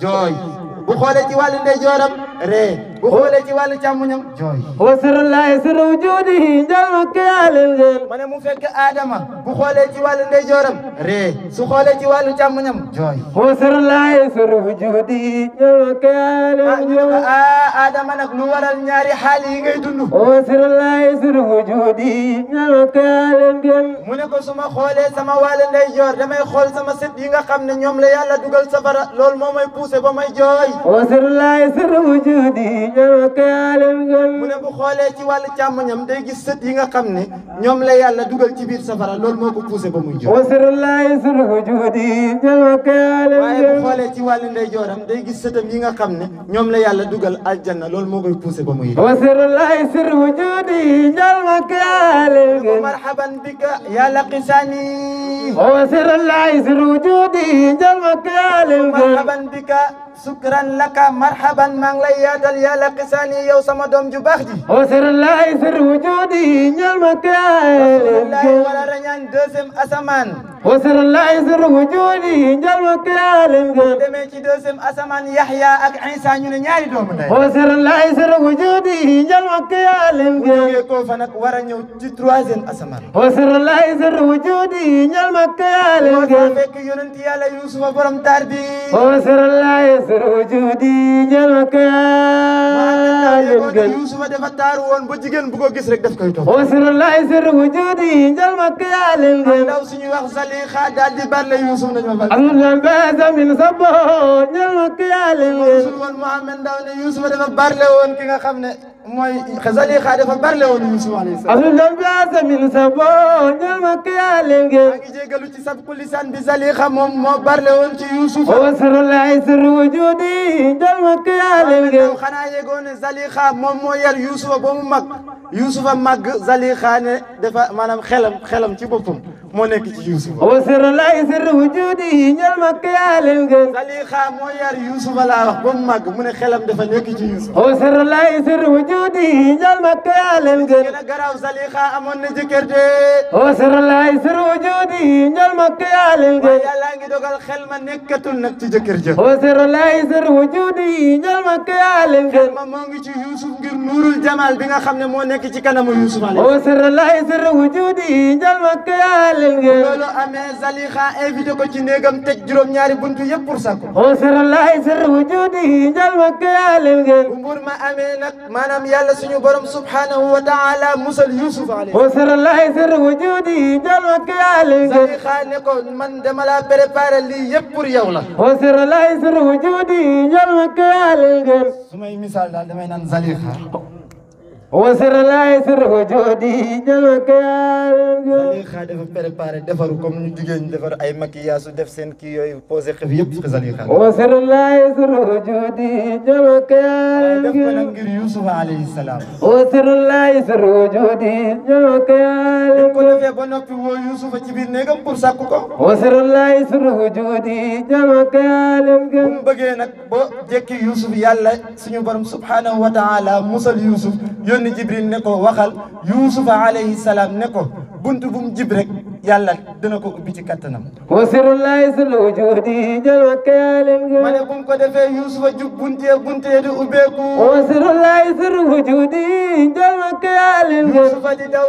jooy. bu xoolee ci wàllu ndeyjooram ree bu xoolee ci wàllu càmmuñam jooy wa sirrullahi sirru wujudihi njalmakayalil ngeen ma ne mu fekk Adama bu xoolee ci wàllu ndeyjooram ree su xoolee ci wàllu càmmuñam jooy wa sirrullahi sirru wujudihi njalmakayalil ah, ngeen ah Adama nag lu waral ñaari xaal yi ngay dund wa sirrullahi sirru wujudihi njalmakayalil ngeen mu ne ko suma xoolee sama wàllu ndeyjoor xool sama sët yi nga xam ne ñoom la yàlla dugal safara lool moo may poussé jooy wasirulaay sir wujudi ñoom alim gën mu ne bu xoolee ci wàllu càmmoñam day gis sët yi nga xam ni ñoom la yàlla dugal ci biir safara lool moo ko poussé ba muy jóg wasirulaay sir wujudi ñoom alim day gis sëtam yi nga xam ni ñoom la yàlla dugal aljanna lool moo koy poussé ba muy jóg wasirulaay sir wujudi ñoom alim gën bika ya laqisani wasirulaay sir wujudi ñoom alim gën bika sukran laka marhaban maa ngi lay yaatal yàlla qisaani yow sama doom ju baax ji wasara laay sir wujudi ñal ma kaay rasulullahi wala rañaan deuxième asamaan wasara laay sir wujudi ñal ma kaay boo demee ci deuxième asamaan Yaxya ak Isa ñu ne ñaari doomu ndey wasara laay sir wujudi ñal ma kaay bu jógee koo fa nag a ñëw ci wujudi ñal ma kaay boo sër wujudi ñel kaay Yuusufa dafa taaru woon ba jigéen bu ko gis rek daf koy topp usru lay sër wujudi ñel ma kaay leen gën ndaw suñu wax sali xaa daal di bar la Yuusuf nañu ma am la baza min sabo ñel ma kaay leen gën woon Muhammad ndaw ne Yuusufa dafa bar la woon ki nga xam ne mooy xasal yi xaar dafa bari la woon Yuusuf alayhi salaam. am na biasa min sa boo ñëw ma kiyaa léegi. maa ngi jégalu ci sabku lisaan bi Zalixa moom moo bari la ci Yuusuf. wa sirru laay sirru wujudi ñëw ma kiyaa léegi. waaw xanaa yeggoon moom moo yar Yuusufa ba mu mag Yuusufa mag Zalixa ne dafa maanaam xelam xelam ci boppam. moo nekk ci Youssouf. wa sirru laay sirru wujuudi ñal makk yaa leen gën. Saliha moo yar Youssouf laa wax ba mu màgg mu ne xelam dafa nekk ci Youssouf. wa sirru laay sirru wujuudi ñal makk yaa leen gën. gën a garaaw Saliha amoon na jëkkër de. wa sirru laay sirru wujuudi ñal makk yaa leen gën. waaye yàlla ngi dogal xel ma nekkatul nag ci jëkkër ja. wa sirru laay sirru wujuudi ñal makk yaa leen gën. xel ma moo ngi ci Youssouf ngir nuurul jamaal bi nga xam ne moo nekk ci kanamu Youssouf. wa sirru laay sirru wujuudi ñal makk yaa sellal ngeen loolu amee Zalixa invité ko ci néegam tëj juróom-ñaari buntu yëpp pour sakku xosara laay sër wujudi njal ma kayaalel ngeen bu mbur ma amee nag maanaam yàlla suñu borom subhanahu wa taala musal Yusuf alayhi xosara laay sër wujudi njal ma kayaalel ngeen Zalixa ne ko man dama laa préparé lii yëpp pour yow la xosara laay sër wujudi njal ma kayaalel ngeen su may misaal daal damay naan Zalixa وسر laa yasir wujudi jalmak yaar Zalixa dafa préparé defaru comme ñu jigéen ñi defar ay maquillage def seen kii yooyu posé xef yëpp Zalixa وسر laa yasir wujudi jalmak yaar def ko nag ngir Yusuf alayhi salaam وسر laa yasir wujudi jalmak yaar ko defee ba noppi woo Yusuf ci biir néegam pour sàkku ko وسر laa yasir wujudi jalmak yaar bu bëggee nag ba jekki Yusuf yàlla suñu borom subhanahu wa taala musal Yusuf يوسف عليه السلام نكو بنت بوم جيب رك yàlla dina ko ubbi ci kattanam. wasirullahi sul wujudi jël wakkayaalin gi. ma ne bu mu ko defee Yuusufa jub buntee buntee di ubbeeku. wasirullahi sul wujudi jël wakkayaalin gi. Yuusufa di daw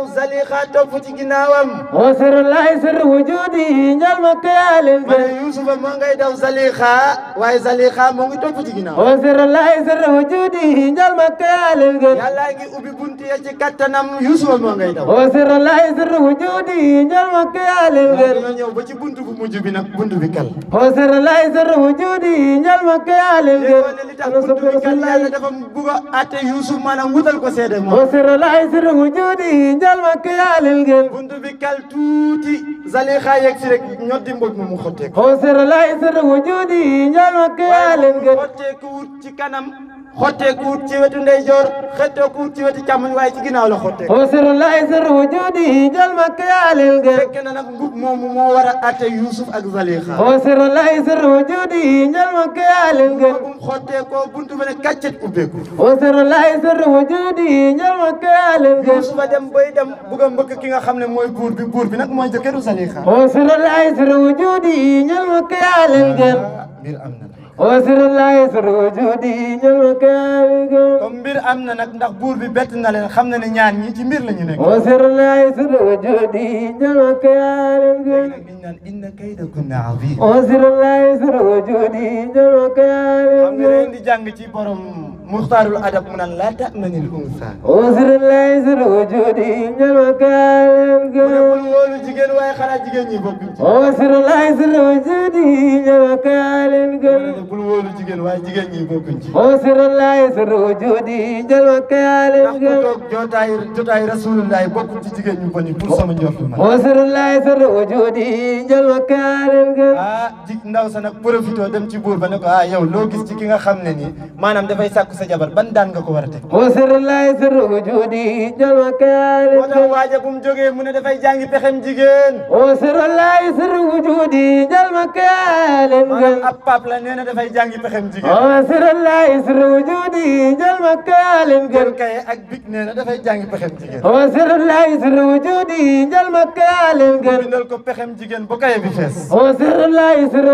ci ginnaawam. wasirullahi sul wujudi jël wakkayaalin gi. ma ne Yuusufa moo ngay daw Zalixa waaye Zalixa moo ngi topp ci ginnaawam. wasirullahi sul wujudi jël wakkayaalin gi. yàlla ngi ubbi buntee ci moo ngay daw. makk yaalil wér ba ci buntu bi nag buntu bi kal xoo sër lay sër wujudi ñal makk yaalil wér li tax buntu kal a atte Yuusuf ko seede moom xoo sër lay sër wujudi ñal makk yaalil wér tuuti Zalixa yegg si rek ñoddi mboj mu mu xotteeku xoo sër ñal makk yaalil wér xotteeku ci kanam xotteekuut ci wetu ndeyjoor xetteekuut ci wetu càmmoñ waaye ci ginnaaw la xotte wasirulaay sir wujudi jël makk yaalil gë fekk na nag ngub moomu moo war a atte Yuusuf ak Zalixa wasirulaay sir wujudi jël makk yaalil gë bum xottee ko buntu ba ne kàccet ubbeeku wasirulaay sir wujudi jël makk yaalil gë Yuusufa dem bay dem bugg a mbëkk ki nga xam ne mooy buur bi buur bi nag mooy jëkkëru Zalixa wasirulaay sir wujudi jël makk yaalil gë ah, mbir am na wasirlaay surujudi ñalmakaawiga comme mbir am na nag ndax buur bi bett na leen xam na ne ñaan ñi ci mbir la ñu nekk wasirlaay surujudi ñalmakaawiga nag biñ naan inna kaydakunna azim wasirlaay surujudi ci borom muxtaarul adab mu naan laa ta'manil unsa ausrlay sir wujudi ñalma kaalen g loolu jigéen waaye xanaa jigéen ñi bokk ausrlay sir wujudi ñalma kaalen gën bul wóolu jigéen waaye jigéen ñi bokk ci ausrlay sir wujudi ñalma kaalen gën toog jotaay jotaay rasulullah bokk ci jigéen ñu boni pour sama njort ma ausrlay sir wujudi ñalma kaalen gën ah jig ndaw sa nag profité dem ci buur ba ne ko ah yow loo gis ci ki nga xam ne ni maanaam dafay sàkku sa jabar ban daan nga ko war a teg mu sirlaay sir wujudi jalmakaani moo tax waaja bu mu jógee mu ne dafay jàngi pexem jigéen mu sirlaay sir wujudi jalmakaani maanaam ab pap la nee na dafay jàngi pexem jigéen mu sirlaay sir wujudi jalmakaani gën kay ak big nee na dafay jàngi pexem jigéen mu sirlaay sir wujudi jalmakaani gën bindal ko pexem jigéen bu kay bi fees mu sirlaay sir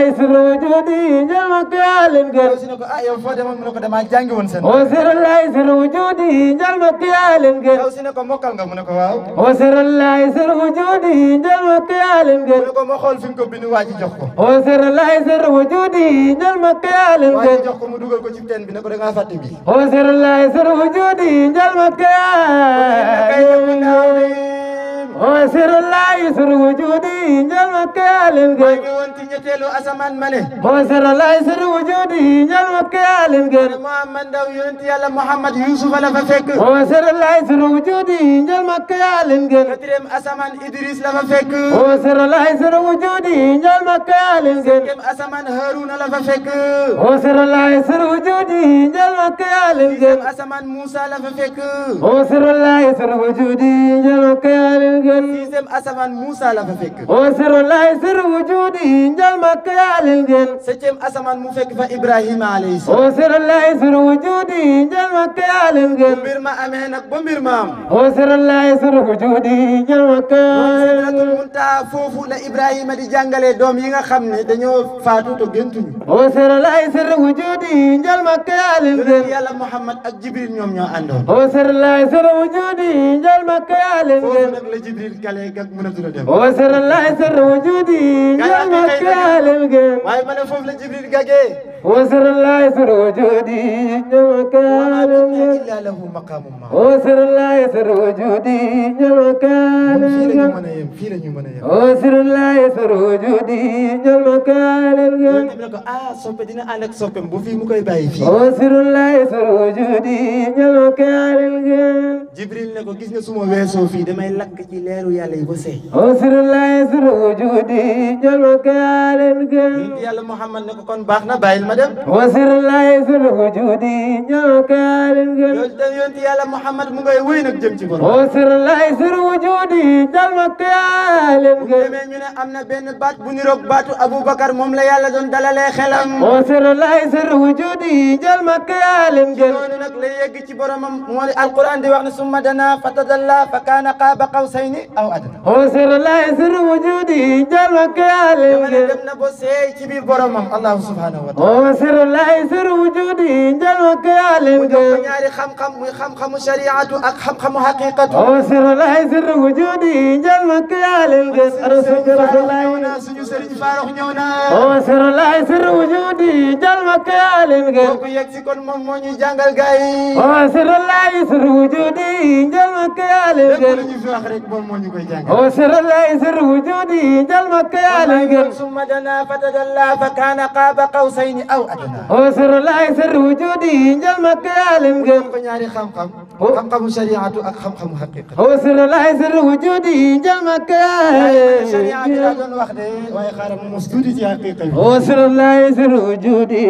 layslu judi njalmakiyalin gën ah yow foo demoon mu ne ko damaa jàngi woon seen wasiru layslu judi njalmakiyalin gën yow si ne ko mokkal nga mu ne ko waaw wasiru layslu judi njalmakiyalin gën mu ne ko ma xool fi nga ko bind waa ji jox ko wasiru layslu judi njalmakiyalin gën waa ji jox ko mu dugal ko ci teen bi ne ko da ngaa fàtte bi wasiru layslu judi njalmakiyalin وسر الله يسر وجودي جل مكالم غير وانت نتلو اسمان ملي وسر الله يسر وجودي جل مكال غير محمد دو ينت يلا محمد يوسف لا ففك وسر الله يسر وجودي جل مكال غير تريم اسمان ادريس لا ففك وسر الله يسر وجودي جل مكال غير كم اسمان هارون وسر الله يسر وجودي جل مكالم غير اسمان موسى وسر الله يسر وجودي جل مكال غير ndigal sixième asamaan Moussa la fa fekk o siru lay siru wujudi njal makk yaalil ngeen septième asamaan mu fekk fa o siru lay siru wujudi njal makk yaalil ngeen bu mbir ma amee nag ba mbir ma am o la Ibrahima di jàngalee doom yi nga xam ne dañoo faatu te géntuñu o siru lay siru wujudi njal makk yaalil ngeen yàlla Muhammad ñoom wujudi gale gag mën a dund dem. wa sirr laay sirr wujudi. gàllankoor gàllankoor waaye ma ne foofu la Jibril gagee. وسر الله يسر وجودي نمك إلا له مقام ما وسر الله يسر وجودي نمك وسر الله يسر وجودي نمك آه صبتنا أنك صبتم بوفي مكاي باي في وسر الله يسر وجودي نمك جبريل نكو جسنا سمو ويسو في دمي لك جليرو يا ليبوسي وسر الله يسر وجودي نمك يا محمد نكو كون باخنا بايل Muhammadan wasir lay fil wujudi ñaakaalin gën yooyu dañ yonti yàlla Muhammad mu ngay wéy nag jëm ci borom wasir lay fil wujudi ñaakaalin gën bu demee ñu ne am na benn baat bu niroog baatu Aboubacar moom la yàlla doon dalalee xelam wasir lay fil wujudi ñaakaalin gën noonu nag la yegg ci boromam moo di alquran di wax ne summa dana fatadalla fa kaana qaaba qawsayni aw adna wasir lay fil wujudi ñaakaalin gën dem na ba seey ci biir boromam Allah subhanahu wa taala سر لا يسر وجودي جلوك يا لنك وجوك خم خم خم خم شريعته أك خم خم حقيقته وسر لا يسر وجودي جلوك يا لنك رسولك رسول الله سر لا يسر وجودي جلوك يا لنك وسر لا يسر وجودي جلوك يا وجودي جلوك يا aw aduna osuru laay sër wujudi njël makk yaalim gën ko ñaari xam-xam xam-xamu shariatu ak xam-xamu haqiqa osuru laay sër wujudi njël makk yaalim sharia bi laa doon wax de waaye xaaral mu mos tuuti ci haqiqa bi osuru laay sër wujudi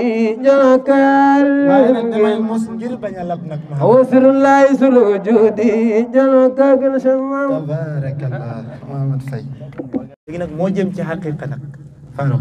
njël makk yaalim waaye nag damay mos ngir bañ a lab nag ma osuru laay sër wujudi njël makk gën chamam tabarakallah Mahamad Faye léegi nag moo jëm ci haqiqa nag faro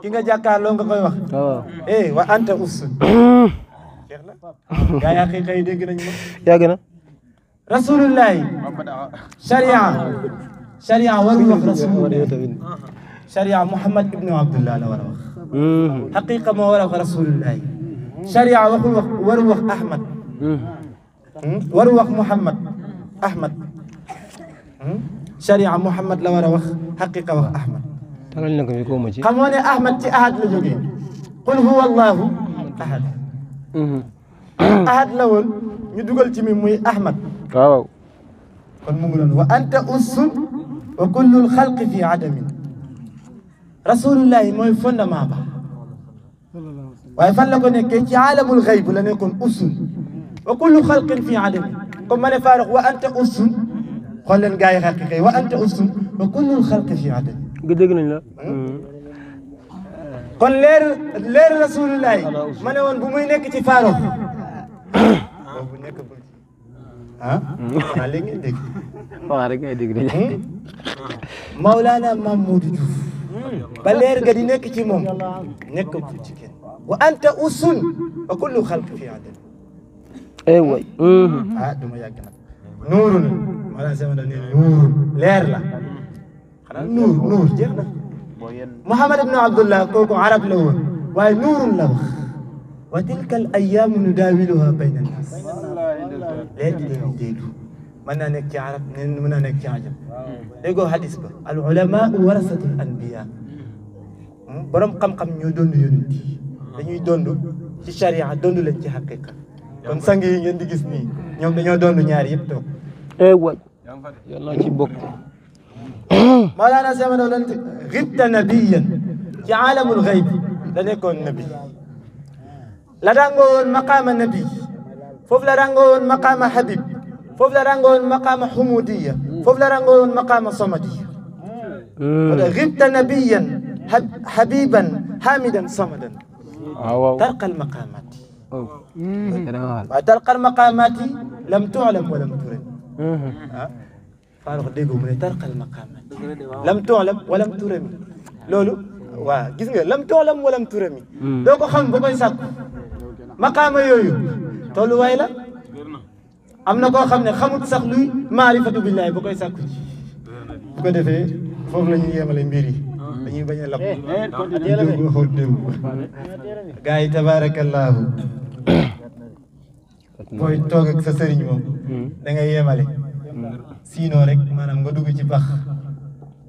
ki nga jàkkaarloo nga koy wax. waaw eh wa anta us. jeex na gaa yaa xëy xëy dégg nañu ma. yàgg na. rasulullahi. sharia. sharia warul wax rasulullah. sharia Muhammad ibnu Abdullah la war a wax. Mm-hmm. xaqiqa moo war a wax rasulullahi. sharia waxul wax warul wax Ahmad. Mm-hmm. Hmm? warul wax Muhammad Ahmad. Hmm? sharia Muhammad la war a wax xaqiqa wax Ahmad. تقول احمد تي احد لجوجي قل هو الله احد احد لول ندوغل تي مي احمد واو قل مغلون وانت اس وكل الخلق في عدم رسول الله موي فند ما با واي فان لاكو نيك تي عالم الغيب لا نيكون اس وكل خلق في عدم كم من فارغ وانت اس خلن غاي حقيقي وانت اس وكل الخلق في عدم dégg nañ la. kon leer leer rasulullahi ma ne woon bu muy nekk ci faaro bu nekk ah ah léegi ngay dégg. waaw rek ngay dégg de. Maulana Mamadou Diouf. ba leer ga di nekk ci moom nekk ku ci kenn wa anta usun wa kullu xalq fi adal. eh way. ah duma yàgg nag. nuurun maanaam sama ne nuurun leer la. نور نور جيرنا محمد بن عبد الله كوكو عرب له واي نور له وتلك الايام نداولها بين الناس ليتو ديدو من انا كي عرب من انا كي عجب ايغو حديث با العلماء ورثه الانبياء بروم قم قم ني دوندو يونتي آه. دا ني دوندو في الشريعه دوندو لا في حقيقه كون سانغي ني ندي غيس ني نيوم دا ني دوندو نياار ييب تو اي واج يالنا سي بوك مولانا سيما لو انت غبت نبيا يعلم الغيب لن يكون نبي لا رانغون مقام النبي فوف لا مقام حبيب فوف لا مقام حمودية فوف لا مقام صمدية غبت نبيا حبيبا حامدا صمدا آه، ترقى المقامات ترقى المقامات لم تعلم ولم ترد فاروق déggu mu ne tarqal maqaamat lam tuulam walam turami loolu waaw gis nga lam tuulam walam turami doo ko xam ba koy sàkku maqaama yooyu tolluwaay la am na koo xam ne xamut sax luy maarifatu billaahi ba koy sàkku ci bu ko defee foofu la ñuy yemale mbir yi dañuy bañ a lab déggu waxul déggu gars yi tabaarakallaahu booy toog ak sa sëriñ moom da ngay yemale sinon rek maanaam nga dugg ci pax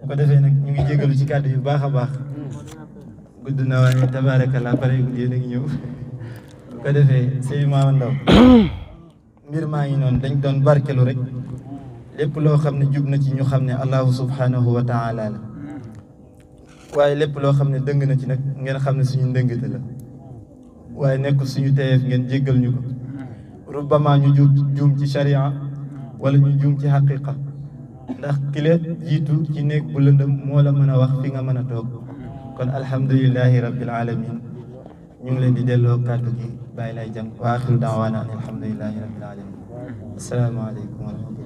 bu ko defee nag ñu ngi jégalu ci kàddu yu baax a gudd na waaye tabaarakallaa pare yéen a ngi ñëw bu ko defee sëñ Maama Ndaw maa ngi noon dañ doon barkelu rek lépp loo xam ne jub na ci ñu xam ne allahu subhanahu wa taala la waaye lépp loo xam ne dëng na ci nag ngeen xam ne suñu ndëngte la waaye nekkul suñu teyeef ngeen jéggal ñu ko rubbama ñu juum ci sharia wala ñu juum ci xaqiqa ndax jiitu ci néeg bu lëndëm moo la mën a wax fi nga mën a toog kon alhamdulilahi rabbil alamin ñu ngi leen di delloo kàddu gi bàyyi lay jàng wa axiru daawaana an rabbil alamin asalaamaaleykum wa rahmatullah